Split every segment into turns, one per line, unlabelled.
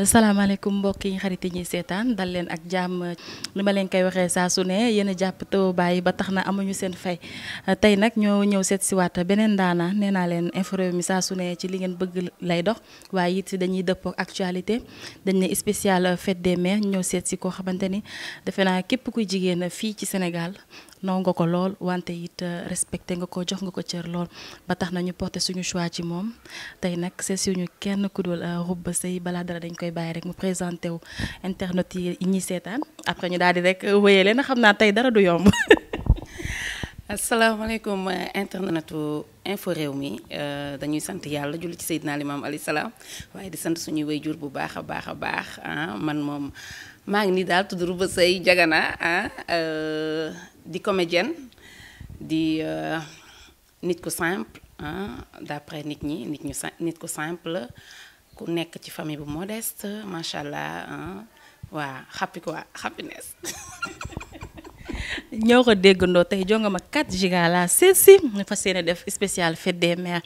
Euh, salaamaaleykum mbokk yi xarit yi ñuy seetaan dal leen ak jàmm ni ma leen koy waxee saa su ne yéen a jàpp taw bàyyi ba tax na amuñu seen fay euh, tey nag ñoo ñëw seet si waat beneen daana nee naa leen info réew mi saa su ne ci li ngeen bëgg lay dox waaye it dañuy dëppoo actualité dañ ne spécial fête de mères ñëw seet si koo xamante ni defe naa képp kuy jigéen fii ci Sénégal naw nga ko lool wante it euh, respecté nga ko jox nga ko cër lool ba tax nañu porté suñu choix ci moom tey nag c'est suñu kenn ku dul euh, Rouba Seye balaa dara dañ koy bàyyi rek mu présenté wu internet yi ñuy seetaan après ñu daal di rek euh, wéyee leen xam naa tey dara du yomb asalaamaaleykum
internetu info réew mi dañuy sant yàlla julli ci Seydina Limaam alayhi salaam waaye di sant suñuy jur bu baax a baax a baax ah, man moom maa ngi nii daal tudd Rouba Seye Jagana ah di comédienne di euh, nit ku simple hein, d'après nit ñi nit ñu nit ku simple ku nekk ci famille bu modeste machallah, hein, waa happy quoi happiness.
ñoo ko déggandoo tey jongama 4 giga la seesi ñu fas yéene def spécial fête des mères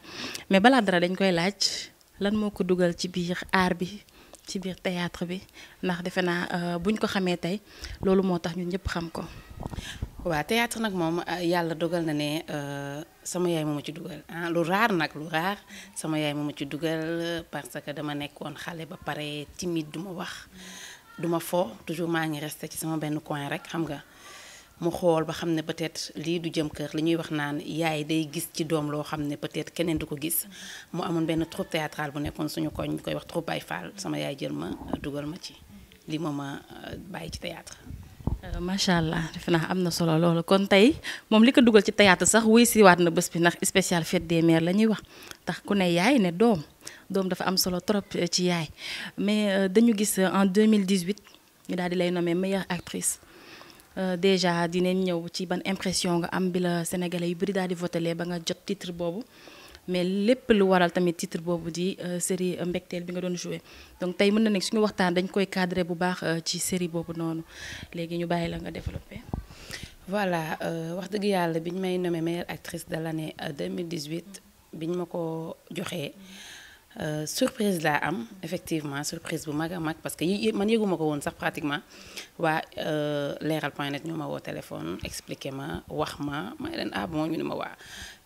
mais balaa dara dañ koy laaj lan moo ko dugal ci biir art bi ci biir théâtre bi nak defena naa euh, buñ ko xamee tey loolu moo ñun ñëpp xam ko
le théâtre nak mom ah, yalla dogal na euh sama ci ah, sama euh, parce que dama suis ba timide je wax toujours suis ngi resté ci sama benn coin rek xam nga mu peut-être li du jëm li ñuy wax day gis ci peut-être suis du ko gis mu suis benn théâtrale bu suñu koñ koy wax Fall sama ma ci li euh, théâtre
Euh, macha allah defe am na solo loolu kon tey moom li ko dugal ci théâtre sax wuy siwaat na bés bi ndax spécial fête des mères la ñuy wax tax ku ne yaay ne doom doom dafa am solo trop euh, ci yaay mais euh, dañu gis en 2018 ñu daal di lay nommer meilleure actrice déjà dinañ ñëw ci ban impression nga am bi la sénégalais yu bëri daal di voté ba nga jot titre boobu mais lépp lu waral tamit titre boobu di euh, série mbectel bi nga doon joué donc tey mën na nekk suñu waxtaan dañ koy cadré bu baax euh, ci série boobu noonu léegi ñu bàyyi la nga développé.
voilà euh, wax dëgg yàlla biñ may nommé meilleure actrice de l'année 2018 biñ ma ko joxee surprise laa am effectivement surprise bu mag a mag parce que yi man yëguma ko woon sax pratiquement waa leeral point net ñu ma woo téléphone expliqué ma wax ma may leen ah bon ñu ne ma waa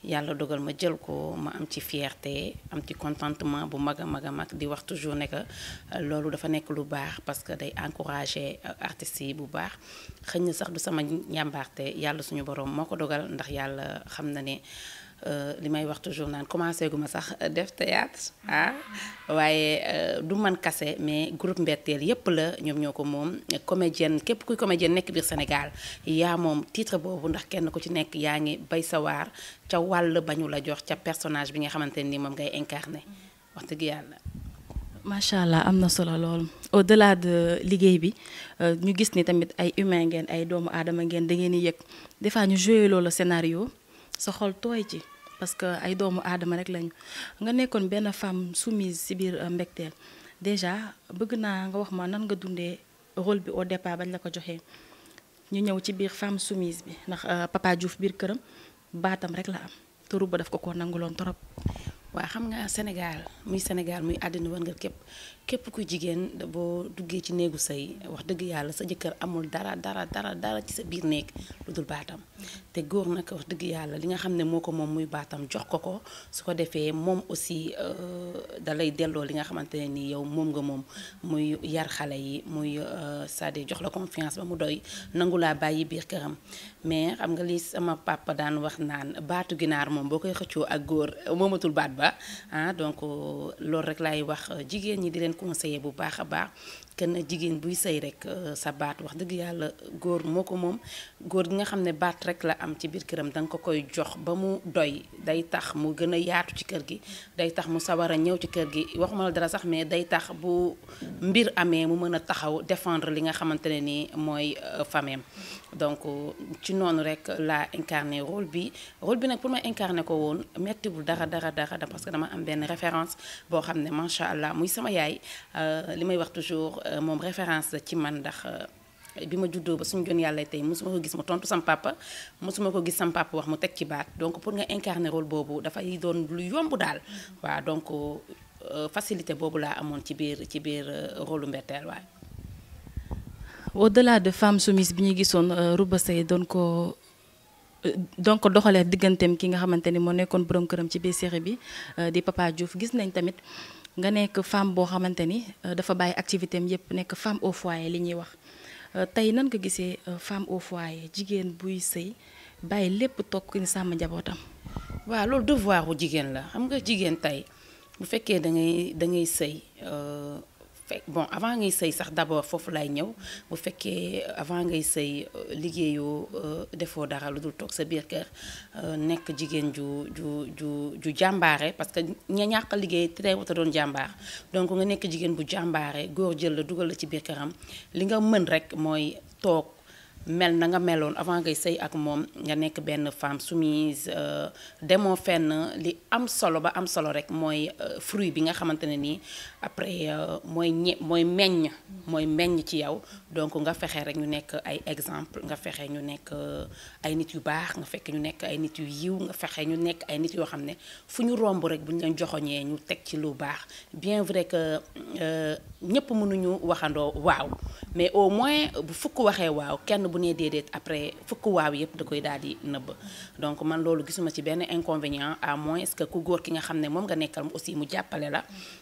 yalla dogal ma jël ko ma am ci fierté am ci contentement bu maga maga mak di wax toujours ne que euh, loolu dafa nek lu baax parce que day encourager euh, artistes yi bu baax xëñ sax du sama njàmbaarte yalla suñu borom moko dogal ndax yalla xam na ne euh, li may wax toujours naan commencé guma sax def théâtre ah waaye euh, du man kase mais groupe Mbetteel yépp la ñom ñoko mom comédienne képp kuy comédienne nek bir Sénégal ya mom titre bobu ndax kenn ko ci nek yaangi bay sa waar ca wall bañu la jox ca personnage bi nga xamanteni mom ngay incarner wax dëgg yalla
machallah amna solo lool au delà de liguey bi euh, ñu gis ni tamit ay humain ngeen ay doomu adama ngeen da ngeen yek yëg des fois ñu jouer loolu scénario. sa xol tooy ci parce que ay doomu aadama rek lañu nga nekkoon benn femme soumise si biir euh, mbégteel déjà bëgg naa nga wax ma nan nga dundee rôle bi au départ bañ la ko joxee ñu ñëw ci biir femme sumise bi ndax euh, Papa Diouf biir këram baatam rek la am turu ba daf ko ko nanguloon trop. waa xam nga Sénégal muy Sénégal muy àddina war nga képp
képp ku jigéen boo duggee ci néegu say wax dëgg yàlla sa jëkkër amul dara dara dara dara ci sa biir néeg lu dul baatam te góor nag wax dëgg yàlla li nga xam ne moo ko moom muy baatam jox ko ko su ko defee moom aussi euh, da lay delloo li nga xamante ne ni yow moom nga moom muy yar xale yi muy euh, c'est-à-dire jox la confiance ba mu doy nangu laa bàyyi biir këram mais xam nga li sama papa daan wax naan baatu ginaar moom boo koy xëccoo ak góor moomatul baat ba ah donc loolu rek lay wax jigéen ñi di leen conseiller bu baax a baax kenn jigéen buy sëy rek euh, sa baat wax dëgg yàlla góor moo ko moom góor gi nga xam ne baat rek la am ci biir këram danga ko koy jox ba mu doy day tax mu gën a yaatu ci kër gi day tax mu sawar a ñëw ci kër gi waxuma la dara sax mais day tax bu mbir amee mu mën a taxaw défendre li nga xamante ne nii mooy euh, fameem donc euh, ci noonu rek laa incarné rôle bi rôle bi nag pour ma incarné ko woon mettiwul dara dara dara parce que dama am benn référence boo xam ne macha allah muy sama yaay li may wax toujours euh, mon référence la ci man ndax euh, bi ma ba suñu jonne yalla tay mosuma ko gis mu tontu sam papa musuma ko gis sam papa wax mu tek ci baat donc pour nga incarner rôle boobu dafay doon lu yomb dal wa donc euh, facilité bobu la amone ci biir ci biir rôle Mbetteel wa
au-delà de femme soumise bi ñu gisoon Rouba Seye doon ko donc doxale digantem ki nga xamanteni mo moo borom kërëm ci biir série bi di Papa Diouf gis nañ tamit nga nekk femme boo xamante ni euh, dafa bàyyi activité am yépp nekk femme au foyer li ñuy wax euh, tey nan nga gisee euh, femme au foyer jigéen buy sëy bàyyi lépp toog ni sàmm njabootam.
waaw loolu devoir bu jigéen la xam nga jigéen tey bu fekkee da ngay da ngay sëy fekk bon avant ngay sëy sax d'abord foofu lay ñëw bu fekkee euh, avant ngay sëy euh, liggéeyoo euh, defoo dara lu dul toog sa biir kër nekk jigéen ju ju ju ju jàmbaare parce que ña ñàkk liggéey teewut a doon jàmbaar donc nga nekk jigéen bu jàmbaare góor jël la dugal la ci biir këram li nga mën rek mooy toog mel na nga meloon avant ngay sëy ak moom nga nekk benn femme soumise euh, demoo fenn li am solo ba am solo rek mooy euh, fruit bi nga xamante ne nii après euh, mooy ñe mooy meññ mooy meññ ci yow donc nga fexe rek ñu nekk ay exemple nga fexe ñu nekk ay nit yu baax nga fekk ñu nekk ay nit yu yiw nga fexe ñu nekk ay nit yoo xam ne fu ñu romb rek bu leen joxoñee ñu teg ci lu baax bien vrai que ñëpp mënuñu waxandoo waaw mais au moins bu fukk waxee waaw kenn bu nee déedéet après fukk waaw yëpp da koy daal di nëbb donc man loolu gisuma ci benn inconvénient à moins que ku góor ki nga xam ne moom nga nekkal aussi mu jàppale la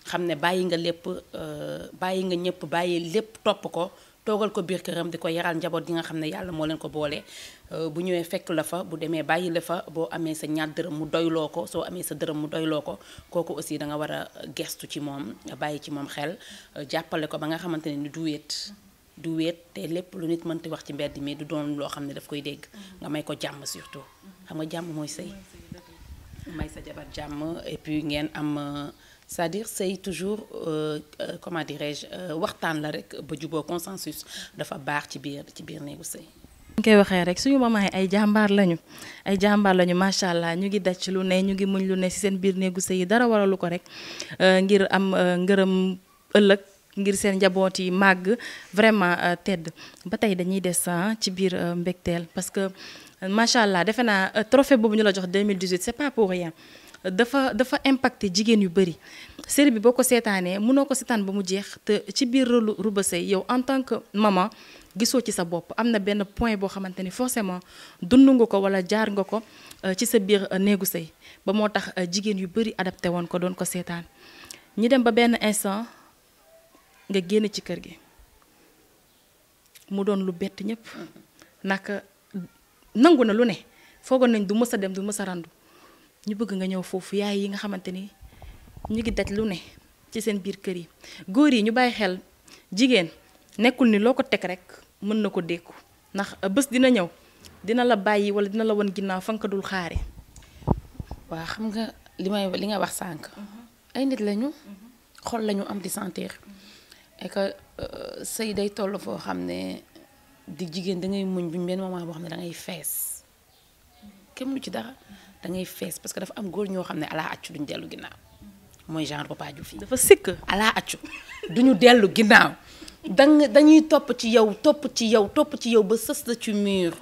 xam ne bàyyi nga lépp euh, bàyyi nga ñëpp bàyyi lépp topp ko toogal ko biir këram di ko yaral njaboot gi nga xam ne yàlla moo leen ko boole euh, bu ñëwee fekk la fa bu demee bàyyi la fa boo amee sa ñaar dërëm mu doyloo ko soo amee sa dërëm mu doyloo ko kooku aussi danga nga war a gestu ci moom nga bàyyi ci moom xel euh, jàppale ko ba nga xamante ne ni du wéet du wéet te lépp lu nit mënti wax ci mbedd mii du doon loo xam ne daf koy dégg nga may ko jàmm surtout xam nga jàmm mooy sëy may sa jabar jàmm et puis ngeen am euh, c'est-à-dire c'est toujours euh, euh, comment dirais-je euh, la rek ba consensus dafa baax ci biir ci biir ñu
koy rek suñu mama ay jambar lañu ay un lañu là ñu ngi lu ne ñu ngi muñ lu ne ci dara ko rek ngir am ngir vraiment tedd ba tey dañuy des ah, ci biir Mbektel. parce que Masha'Allah, allah trophée ñu 2018 c'est pas pour rien. dafa dafa impacté jigéen yu bëri série bi boo ko seetaanee mënoo ko seetaan ba mu jeex te ci biir rôle Rouba yow en tant que maman gisoo ci sa bopp am na benn point boo xamante ni forcément dund nga ko wala jaar nga ko euh, ci sa biir euh, néegu sëy ba moo tax euh, jigéen yu bëri adapté woon ko doon ko seetaan ñi dem ba benn instant nga génn ci kër gi mu doon lu bett ñëpp naka nangu na lu ne foogoon nañ du mës a dem du mës a randu ñu bëgg nga ñëw foofu yaay yi nga xamante ni ñu ngi daj lu ne ci seen biir kër yi góor yi ñu bàyyi xel jigéen nekkul ni loo ko teg rek mën na ko dékku ndax euh, bés dina ñëw dina la bàyyi wala dina la wan ginnaaw fa ko dul xaare waa xam nga li may li nga wax sànq. Mm-hmm.
ay nit lañu. Mm-hmm.
xol lañu am di sentir.
Mm-hmm. et que euh, sëy day toll foo xam ne di jigéen da ngay muñ buñ benn moment boo xam ne da fees. kenn mu ci dara. da ngay fees parce que dafa am góor ñoo xam ne alaa accu duñu dellu ginnaaw mooy genre Papa Diouf yi dafa sikk alaa accu duñu dellu ginnaaw danga dañuy topp ci yow topp ci yow topp ci yow ba sës la ci mur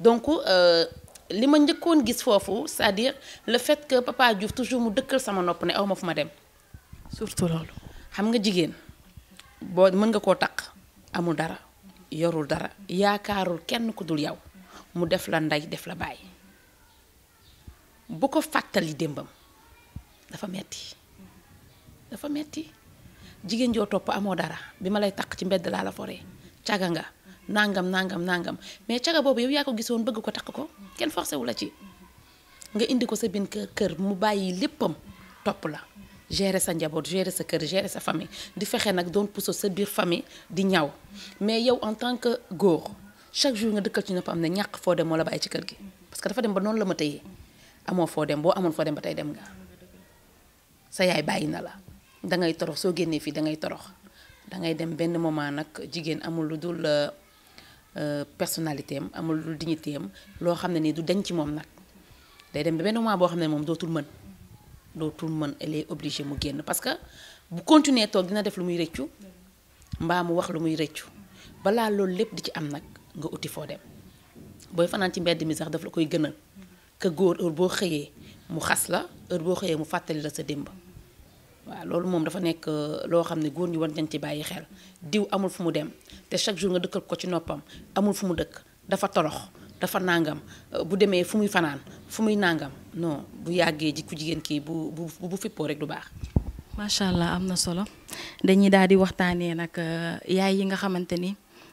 donc euh, li ma njëkkoon gis foofu c'est-à-dire le fait que toujours mu dëkkal sama nopp ne aw ma fu ma dem surtout loolu xam nga jigéen boo mën nga koo taq amul dara yorul dara yaakaarul kenn ku dul yow mu def la ndey def la bàyyi bu ko fàttali démbam dafa metti dafa metti jigéen joo topp amoo dara bi ma lay takk ci mbedd laa la foree caga nga nangam nangam nangam mais caga boobu yow yaa ko gisoon bëgg ko takk ko kenn forcé wu la ci nga indi ko sa biir kër mu bàyyi léppam topp la gere sa njaboot gérer sa kër gere sa famille di fexe nag doon puso sa biir famille di ñaw mais yow en tant que góor chaque jour nga dëkkal ci am ne ñàkk foo dem moo la bàyyi ci kër gi parce que dafa dem ba noonu la ma tëyee amoo foo dem boo amoon foo dem ba tey dem nga sa yaay bàyyi na la dangay torox soo génnee fii dangay torox dangay dem benn moment nag jigéen amul lu dul euh, euh, personnalité am amul lu dul dignité loo xam ne nii du deñ ci moom nag day dem ba benn moment boo xam ne moom dootul mën dootul mën elle est mu génn parce que bu continuer toog dina def lu muy rëccu mbaa mu wax lu muy rëccu balaa loolu lépp di ci am nag nga uti foo dem booy fanaan ci mbedd mi sax daf la koy gënal. que góor heure boo xëyee mu xas la heure boo xëyee mu fàttali la sa démb waaw loolu moom dafa nekk loo xam ne góor ñi war nañ ci bàyyi xel diw amul fu mu dem te chaque jour nga dëkkal ko ci noppam amul fu mu dëkk dafa torox dafa nàngam bu demee fu muy fanaan fu muy nàngam non bu yàggee ji ku jigéen kii bu bu bu fippoo rek du baax.
macha allah am na solo dañuy daal di waxtaanee nag yaay yi nga xamante ni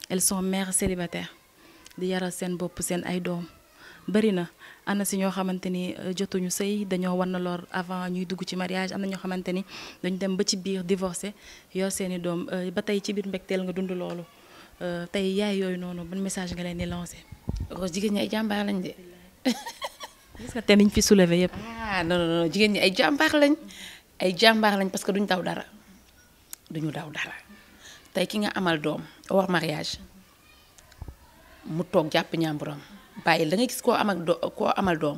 elles sont mères célibataires di yaral seen bopp seen ay doom bari na. am na si ñoo xamante ni euh, jotuñu sëy dañoo war na lool avant ñuy dugg ci mariage am na ñoo xamante ni dañu dem ba ci biir divorcé yor seeni doom euh, ba tey ci biir mbégteel nga dund loolu euh, tey yaay yooyu noonu ban message nga leen di lancé. jigéen ñi ay jàmbaar lañ de. gis nga yëpp.
Ah, jigéen ñi ay jàmbaar lañ ay jàmbaar lañ parce que duñ daw dara duñu daw dara tey ki nga amal doom war mariage mu toog jàpp ñaamburam bàyyil da gis koo am ak koo amal doom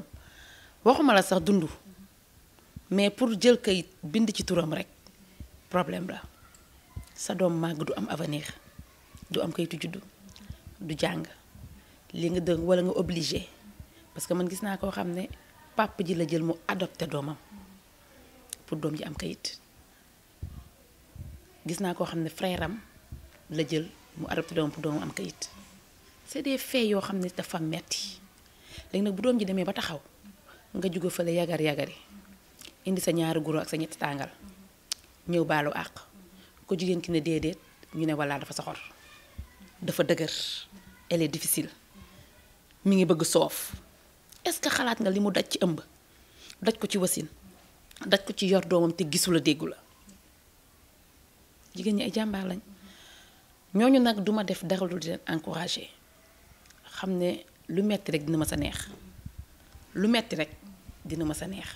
waxuma la sax dund mais pour jël kayit bind ci turam rek problème la sa doom màgg du am avenir du am kayitu juddu du jàng li nga dëng walla nga obligé parce que man gis naa koo xam ne papa ji la jël mu adopté doomam pour doom ji am kayit gis naa koo xam ne frère la jël mu adopté doomam pour doomam am kayit c'est des faits yoo xam ne dafa metti léegi nag bu doom ji demee ba taxaw nga jóge fële yagar yagari indi sa ñaari guro ak sa ñetti tàngal ñëw baalu àq ko jigéen ki ne déedéet ñu ne walla dafa soxor dafa dëgër elle est mu ngi bëgg soof est-ce que xalaat nga li mu daj ci ëmb daj ko ci wasin daj ko ci yor doomam te gisula déggu la jigéen ñi ay jàmbaar lañ ñooñu nag duma def dara lu di leen encourager xam ne lu metti rek dina ma sa neex lu metti rek dina ma sa neex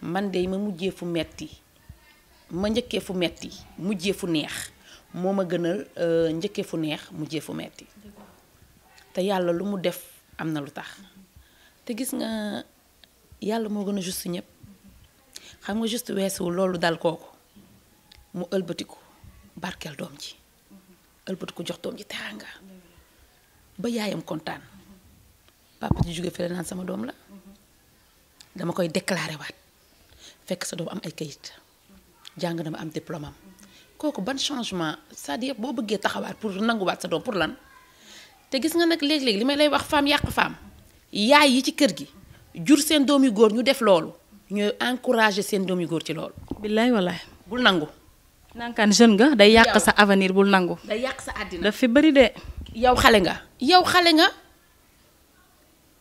man de ma mujjee fu metti ma njëkkee fu metti mujjee fu neex moo ma gënal euh, njëkkee fu neex mujjee fu metti te yàlla lu mu def am na lu tax te gis nga yàlla moo gën a juste xam nga juste weesuwul loolu dal kooku mu ëlbatiku barkeel doom ji ëlbatiku jox doom ji teraanga ba yaayam content. papa ji la dama koy déclaré wat fekk sa suis am ay kayit am diplôme am Je ban changement cest dire pour sa pour lan té gis nga nak lég lég limay lay wax femme yak femme yaay yi ci kër gi jur sen domi gor ñu def lolu ñu ci jeune nga day yak sa avenir bul nangou day yow xale nga yow xale nga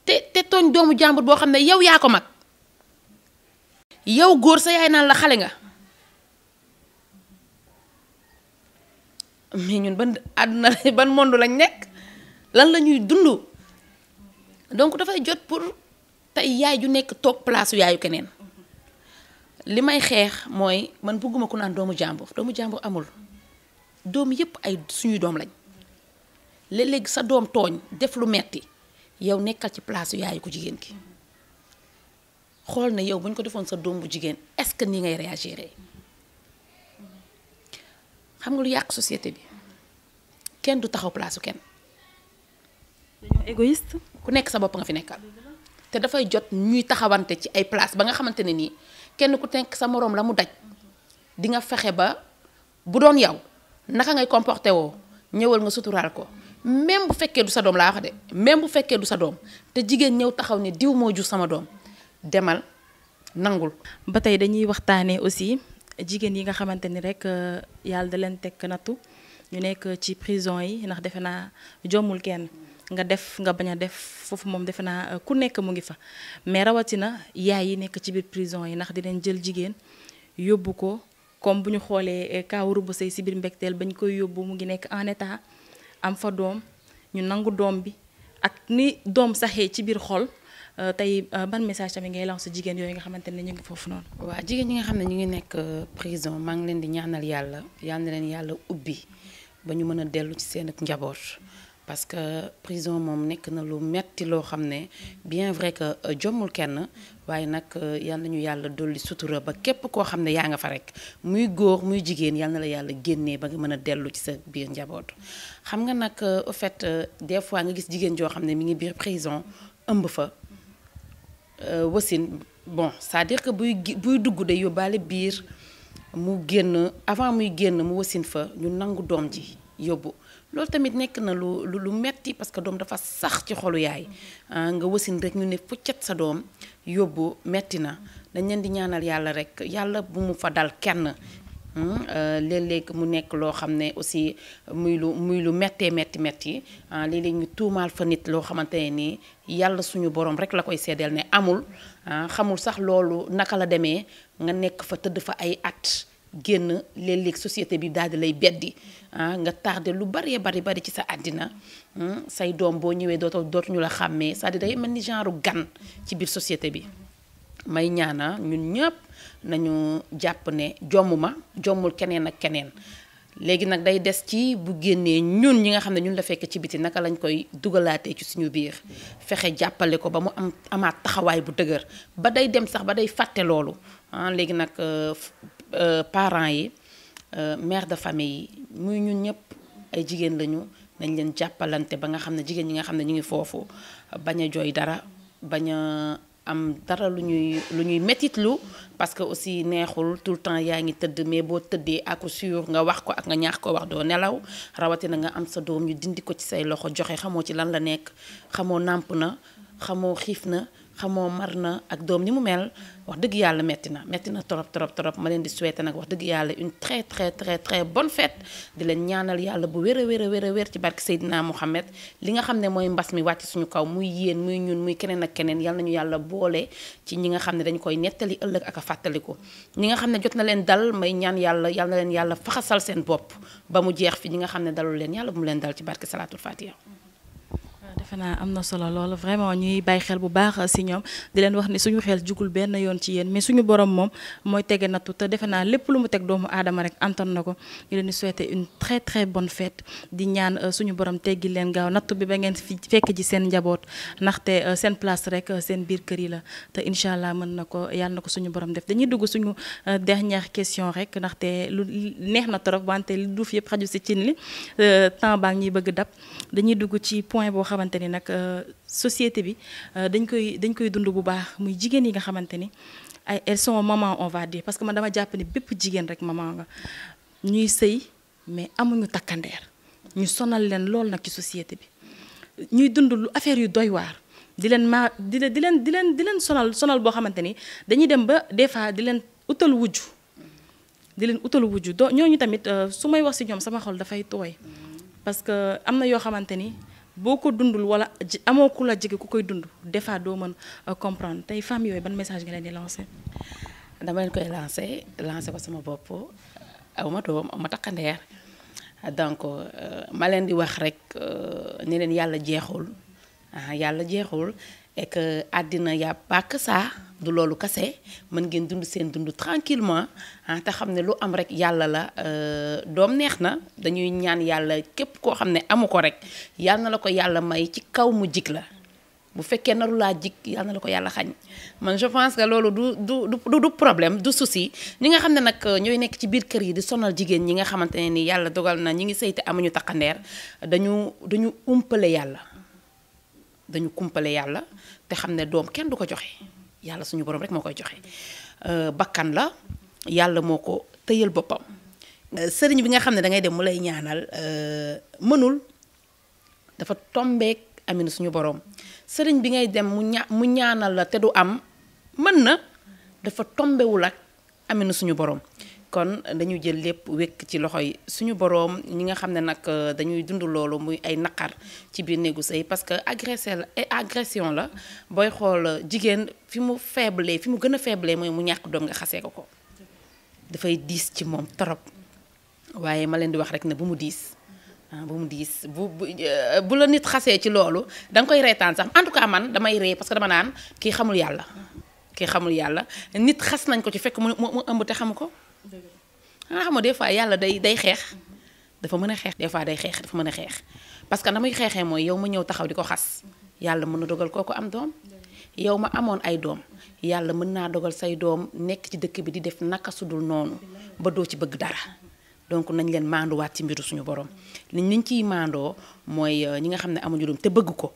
te te tooñ doomu jàmbur boo xam ne yow yaa ko mag yow góor sa yaay naan la xale nga mais ñun ban àdduna ban monde lañ nekk lan la ñuy dund donc dafay jot pour tey yaay ju nekk toog place yaayu keneen li may xeex mooy man bëgguma ku naan doomu jàmbur doomu jàmbur amul doom yépp ay suñuy doom lañ. léeg léegi sa doom tooñ def lu metti yow nekkal ci place yaayu ko jigéen ki xool na yow bu ñu ko defoon sa doom bu jigéen est-ce que nii ngay réagir xam nga lu yàq société bi kenn du taxaw place kenn. dañoo ku nekk sa bopp nga fi nekkal. te dafay jot ñuy taxawante ci ay place ba nga xamante ne nii kenn ku nekk sa moroom la mu daj di nga fexe ba bu doon yow naka ngay comporté woo ñëwal nga suturaal ko. même bu fekkee du sa doom laa bu
fekkee du sa te jigéen ñëw taxaw ne diw moo jur sama doom demal nangul. ba tey dañuy waxtaanee aussi jigéen yi nga xamante ni rek euh, yàlla da leen teg nattu ñu nekk ci prison yi ndax defe naa jommul kenn nga def nga bañ a def foofu moom defe naa euh, ku nekk mu ngi fa mais rawatina yaay yi nekk ci biir prison yi ndax di dinañ jël jigéen yóbbu ko comme bu ñu xoolee kaw euh, rubu sëy si biir mbégteel bañ koy yóbbu mu ngi nekk en état. am fa doom ñu nangu doom bi ak ni doom saxee ci biir xol euh, tey euh, ban message tamit ngay sa jigéen yooyu nga xamante ni ñu ngi foofu noonu.
waaw jigéen ñi nga xam ne ñu ngi nekk euh, prison maa ngi leen di ñaanal yàlla yal leen yàlla ubbi ba ñu mën a dellu ci seen ak njaboot. parce que prison mom nek na lu metti lo xamné bien vrai que djomul euh, kenn waye nak euh, yalla ñu yalla doli sutura ba képp ko xamné ya nga fa rek muy goor muy jigen yalla la yalla génné ba nga mëna déllu ci sa biir njaboot. xam nga nak euh, au fait des fois nga gis jigen jo xamné mi ngi biir prison ëmb fa euh wasin bon ça à dire que buy buy dugg day yóbbaale biir mu génn avant muy génn mu wasin fa ñu nangu doom ji. yóbbu loolu tamit nekk na lu lu metti parce que doom dafa sax ci xolu yaay mm-hmm. ah, nga wasin rek ñu ne fuccat sa doom yóbbu metti na dañ leen di ñaanal yàlla rek yàlla bu mu fa dal kenn hmm? euh, léeg-léeg mu nekk loo xam ne aussi muy lu muy lu méttee métti métti ah, léeg ñu tuumaal fa nit loo xamante ne nii yàlla suñu borom rek la koy seddal ne amul ah, xamul sax loolu naka la demee nga nekk fa tëdd fa ay at génn léeg-léeg société bi daal di lay beddi ah nga tardé lu bari bari bari ci sa àddina hmm, say doom boo ñëwee dootoo dootuñu la xàmmee c'est-à-dire day mel ni genre gan ci biir société bi may ñaana ah, ñun ñëpp nañu jàpp ne jommuma jommul keneen ak keneen léegi nag day des ci bu génnee ñun ñi nga xam ne ñun la fekk ci biti naka lañ koy dugalaatee ci suñu biir fexe jàppale ko ba mu am amaat taxawaay bu dëgër ba day dem sax ba day fàtte loolu ah, léegi nag euh, euh, parents yi euh, maire de famille yi muy ñun ñëpp ay jigéen lañu nañ leen jàppalante ba nga xam ne jigéen ñi nga xam ne ñu ngi foofu bañ a jooy dara bañ a am dara lu ñuy lu ñuy métitlu parce que aussi neexul tout le temps yaa ngi tëdd mais boo tëddee à coup nga wax ko ak nga ñaax ko wax doo nelaw rawatina nga am sa doom ñu dindi ko ci say loxo joxe xamoo ci lan la nekk xamoo nàmp na xamoo xiif na xamoo mar na ak doom ni mu mel wax dëgg yàlla metti na metti na trop trop trop ma leen di souhaiter nag wax dëgg yàlla une très très très très bonne fête di leen ñaanal yàlla bu wér a wér a wér a wér ci barke Seydina Mohamed li nga xam ne mooy mbas mi wàcc suñu kaw muy yéen muy ñun muy keneen ak keneen na ñu yàlla boole ci ñi nga xam ne dañu koy nettali ëllëg ak a ko ñi nga xam ne jot na leen dal may ñaan yàlla yal leen yàlla faxasal seen bopp ba mu jeex fi ñi nga xam ne dalul leen mu leen dal ci barke salaatul fatiha
defe naa am na solo lool vraiment ñuy bàyyi xel bu baax si ñoom di leen wax ne suñu xel jugul benn yoon ci yéen mais suñu borom moom mooy tege nattu te defe naa lépp lu mu teg doomu aadama rek antan na ko ñu leen di souhaiter une très très bonne di ñaan euh, suñu borom teggi leen gaaw nattu bi ba ngeen fi fekk ji seen njaboot ndaxte euh, seen place rek euh, seen biir kër yi la te incha allah mën na ko yàlla na ko suñu borom def dañuy dugg suñu dernière question rek ndaxte lu neex na trop wante lu duuf yëpp xaju si cin li temps baa ngi bëgg dab dañuy dugg ci point boo xamante xamanteni nak euh, société bi euh, dañ koy dañ koy dund bu baax muy jigen yi nga xamanteni ni ay elles sont maman on va dire parce que man dama japp ni bép jigen rek maman nga ñuy sey mais amuñu takkandeer ñu sonal len lool nak ci société bi ñuy dund lu affaire yu doy war di len ma di len di len di len di sonal sonal bo xamanteni ni dañuy dem ba des fois di len outal wuju di len outal wuju do tamit euh, sumay sumai wax ci ñom sama xol fay toy parce que amna yo xamanteni boo ko dundul wala amoo ku la jege ku koy dund des fois doo mën euh, comprendre tey femmes yooyu ban message nga leen di lancer. dama leen koy lancer lancer ko sama bopp aw ma doom aw ma takkandeer
donc euh, ma leen di wax rek euh, ne leen yàlla jeexul ah, yàlla jeexul. et que adina ya a que ça du lolou kasse man ngeen dund sen dund tranquillement han ah, ta xamne ne lu am rek yalla la euh dom na dañuy ñaan yalla kep ko xamne ne amu ko rek yalla na yalla may ci kaw mu jik la bu fekke naru laa jig man je pense que lolou du du du du problème du souci ñi nga xamne ne euh, ñoy nekk ci biir kër yi di sonal jigen ñi nga xamante ne ni dogal na ñi ngi sëy amuñu danyu dañu dañu umpale yalla dañu kumpale yàlla te xam ne doom kenn du ko joxe yàlla suñu borom rek moo koy joxe euh, bakkan la yàlla moo ko tëyal boppam. Euh, sëriñ bi nga xam ne dangay dem mu lay ñaanal euh, mënul dafa tombeek amina suñu borom sëriñ bi ngay dem mu ñaanal la te du am mën na dafa tombewul ak amina suñu borom. kon dañuy jël lépp wekk ci loxo yi suñu boroom ñi nga xam ne nag euh, dañuy dund loolu muy ay naqar ci biir néegu sëy parce que agressé la agression la booy xool euh, jigéen fi mu faible fi mu gën a faible mooy mu ñàkk doom nga xasee ko ko dafay diis ci moom torop waaye ma leen di wax rek ne bu mu diis ah, bu mu diis bu euh, bu la nit xasee ci loolu da koy reetaan sax en tout cas man damay ree parce que dama naan kii xamul yàlla kii xamul yàlla nit xas nañ ko ci fekk mu mu ëmb te xamu ko xanaa ah, xam nga des fois yàlla day day xeex dafa mën a xeex des fois day xeex dafa mën a xeex parce que na muy xeexee mooy yow ma ñëw taxaw di ko xas yàlla mën na dogal koo ko am doom yow ma amoon ay doom yàlla mën naa dogal say doom nekk ci dëkk bi di def naka sudul noonu ba doo ci bëgg dara donc nañ leen maanduwaat ci mbiru suñu borom liñ liñ ciy maandoo mooy euh, ñi nga xam ne amuñu doom te bëgg ko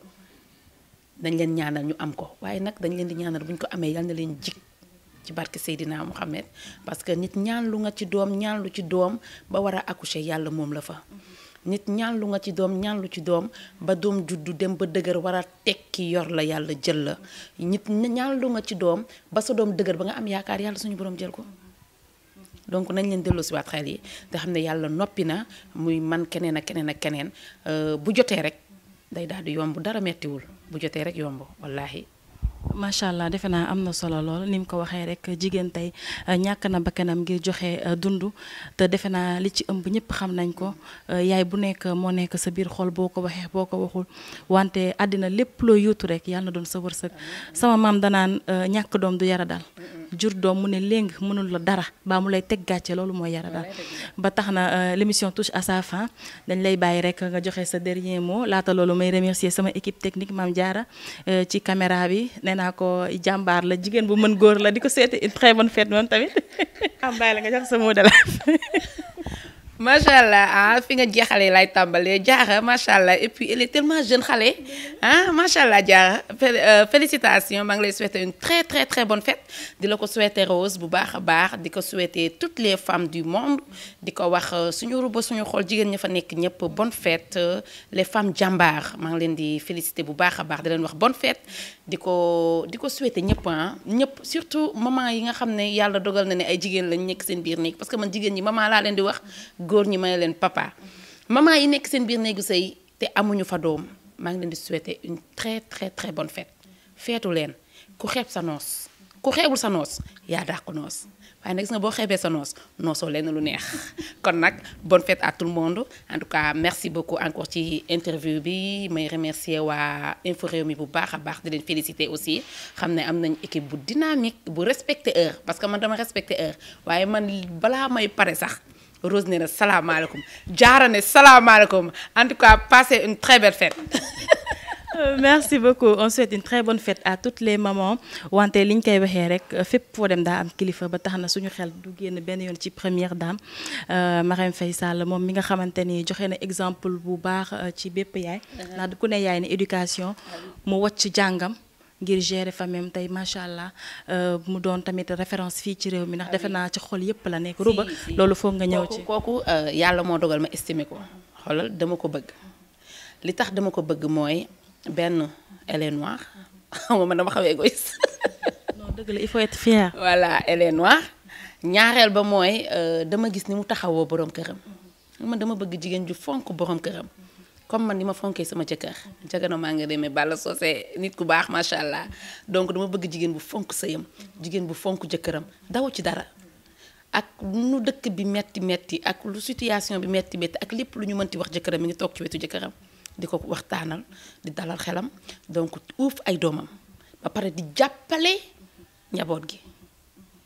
dañ leen ñaanal ñu am ko waaye nag dañ leen di ñaanal buñ ko amee yal na leen jik ci barke sayidina Muhammad, parce que nit ñaan lu nga ci doom ñaan lu ci doom ba wara accoucher yalla mom la fa nit ñaan lu nga ci doom ñaan lu ci doom ba doom juddu dem ba dëgër wara tekki yor la yalla jël la nit ñaan lu nga ci doom ba sa doom dëgër ba nga am yaakar yalla suñu borom jël ko donc nañ leen delloo ci waat xel yi te xam ne na muy man keneen ak keneen ak keneen euh, bu joté rek day daal di yomb dara wul bu joté rek yomb wallahi
macha allah defe naa am na solo lool ni mu ko waxee rek jigéen tey euh, ñàkk na bakkanam ngir joxe euh, dund te defe naa li ci ëmb ñëpp xam nañ ko euh, yaay bu nekk moo nekk sa biir xool boo ko waxee boo ko waxul wante àddina lépp loo yóotu rek yàlla na doon sa wërsëg sama maam danaan ñàkk doom du yara dal jur doom mu ne léng mënul la dara baa mu lay teg gàcce loolu mooy yara daal ba tax na euh, l'émission touche à sa fin dañ lay bàyyi rek nga joxe sa dernier mot laata loolu may remercier sama équipe technique maam Diarra euh, ci caméra bi nee naa ko jàmbaar la jigéen bu mën góor la di ko souhaiter une très bonne fête moom tamit am bàyyi la nga jox sa mot la macha
allah ah fi nga jeexalee lay tàmbalee jaara macha allah et puis elle est tellement jeune Khalé. hein, ah, macha allah euh, félicitations maa lay souhaiter une très très très bonne fête di la ko souhaiter Rose bu baax a baax di souhaiter toutes les femmes du monde di ko wax euh, suñu ruba suñu xool jigéen fa bonne fête les femmes Jambar, maa ngi di féliciter bu baax a baax di wax bonne fête di ko di ko souhaiter ñëpp ah surtout maman yi nga xam ne yàlla dogal na ne ay jigéen lañ nekk seen biir nekk parce que man jigéen ñi maman la leen di wax góor ñi ma leen papa maman yi nekk seen biir néegu sëy te amuñu fa doom maa ngi leen di souhaiter une très très très bonne fête feetu leen ku xeeb sa noos ku xeebul sa noos yaa dàqu noos waaye nag gis nga boo xeebee sa noos noosoo leen lu neex kon nag bonne fête à tout le monde en tout cas merci beaucoup encore ci interview bi may remercier waa Info Rewmi bu baax a baax di leen féliciter aussi xam ne am nañ équipe bu dynamique bu respecté heure parce que man dama respecté heure waaye man balaa may pare sax. Rose Salam na salaamaaleykum Salam ne en tout cas passez une très belle fête.
Euh, merci beaucoup on souhaite une très bonne fête à toutes les mamans wante liñ ñu koy waxee rek fep foo dem daa am kilifa ba taxna suñu xel du génn ben yoon ci première dame euh Faye Sall mom mi nga xamante joxé na exemple bu baax euh, ci bép yaay n'a ku né yaay ne éducation mu wacc jàngam ngir gérer famille tay machallah euh mu don tamit référence fi ci réew mi ndax ah defe ci xol yépp la nekk. ruba lolu foog nga ñëw ci.
kooku euh, yalla mo dogal ma estimé ko xolal dama ko bëgg li tax dama ko bëgg moy benn elle est noire xam nga man dama xawee égoïste. non deug la il faut être fier. voilà elle est noire ñaareel ba euh dama gis ni mu taxawoo borom këram man dama bëgg jigen ju fonk borom këram. comme man ni ma fonkee sama jëkkër na maa nga demee Balla Socé nit ku baax macha allah donc dama bëgg jigéen bu fonk sëyam jigéen bu fonk jëkkëram daw ci dara ak nu dëkk bi metti metti ak lu situation bi metti metti ak lépp lu ñu mënti wax jëkkëram mi ngi toog ci wetu jëkkëram di ko waxtaanal di dalal xelam donc uuf ay doomam ba pare di jàppale njaboot gi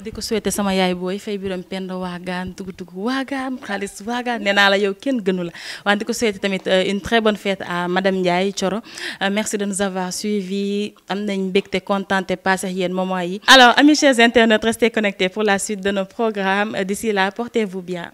diko ko souhaité sama yaay boy fay biram pendo waagaan tugu-tugu waagaan xaalis waagaan nee la yow ken gënu la waaye di ko souhaité tamit euh, une très bonne fête à madame Ndiaye Thioro euh, merci de nous avoir suivi am nañ mbégte contenté passé yéen moment yi alors amis chers internautes restez connectés pour la suite de nos programmes d'ici là portez-vous bien